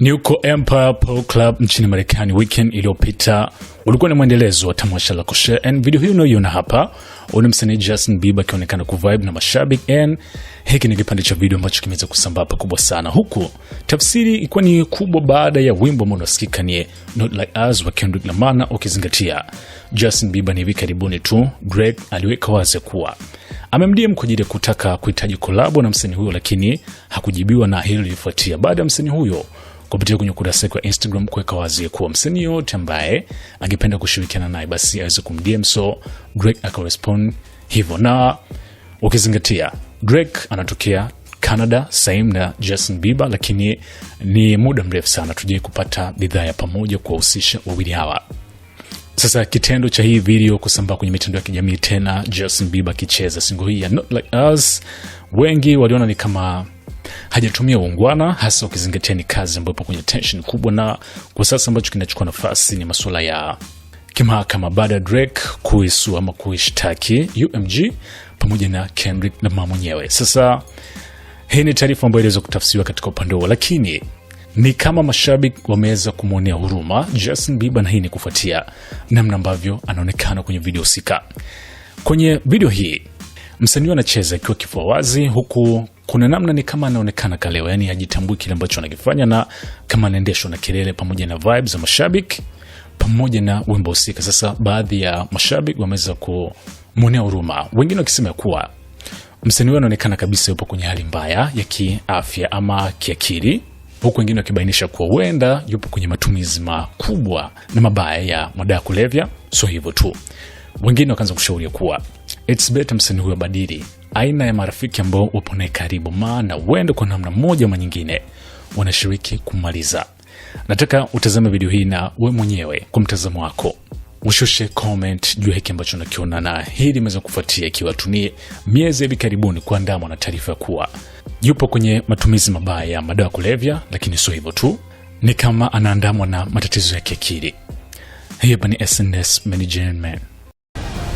Nuko Empire Pro Club nchini Marekani weekend iliyopita ulikuwa ni mwendelezo wa tamasha la Coachella and video hii unaoiona hapa una msanii Justin Bieber akionekana kuvibe na mashabiki and hiki ni kipande cha video ambacho kimeweza kusambaa pakubwa sana, huku tafsiri ilikuwa ni kubwa baada ya wimbo ambao unasikika ni Not Like Us wa Kendrick Lamar, ukizingatia Justin Bieber ni hivi karibuni tu Drake aliweka wazi kuwa amemdia kwa ajili ya kutaka kuhitaji kolabo na msanii huyo, lakini hakujibiwa, na hilo lilifuatia baada ya msanii huyo kupitia kwenye ukurasa wake wa Instagram kuweka wazi kuwa msanii yoyote ambaye angependa kushirikiana naye basi aweze kumdm. So Drake akarespond hivyo, na ukizingatia Drake anatokea Canada same na Justin Bieber, lakini ni muda mrefu sana tujai kupata bidhaa ya pamoja kuwahusisha wawili hawa. Sasa kitendo cha hii video kusambaa kwenye mitandao ya kijamii tena Justin Bieber akicheza single hii ya Not Like Us, wengi waliona ni kama hajatumia uungwana, hasa ukizingatia ni kazi ambayo ipo kwenye tension kubwa, na kwa sasa ambacho kinachukua nafasi ni masuala ya kimahakama baada ya Drake kuisu ama kuishtaki UMG pamoja na Kendrick Lamar mwenyewe. Sasa hii ni taarifa ambayo iliweza kutafsiriwa katika upande huo, lakini ni kama mashabiki wameweza kumwonea huruma Justin biba na hii ni kufuatia namna ambavyo anaonekana kwenye video husika. Kwenye video hii msanii anacheza akiwa kifua wazi, huku kuna namna ni kama anaonekana kalewa, yani ajitambui kile ambacho anakifanya na kama anaendeshwa na kelele pamoja na vibes za mashabiki pamoja na wimbo husika. Sasa baadhi ya mashabiki wameweza kumwonea huruma, wengine wakisema kuwa msanii huyo anaonekana kabisa yupo kwenye hali mbaya ya kiafya ama kiakili, huku wengine wakibainisha kuwa huenda yupo kwenye matumizi makubwa na mabaya ya madawa ya kulevya. Sio hivyo tu, wengine wakaanza kushauria kuwa It's better msanii badili aina ya marafiki ambao wapo naye karibu, maana wende kwa namna moja ama nyingine wanashiriki kumaliza. Nataka utazame video hii na we mwenyewe kwa mtazamo wako ushushe comment juu ya hiki ambacho nakiona, na hii limeweza kufuatia ikiwa tunie miezi hivi karibuni kuandamwa na taarifa ya kuwa yupo kwenye matumizi mabaya ya madawa kulevya, lakini sio hivyo tu, ni kama anaandamwa na matatizo ya kiakili. hiyo hapa ni SNS Management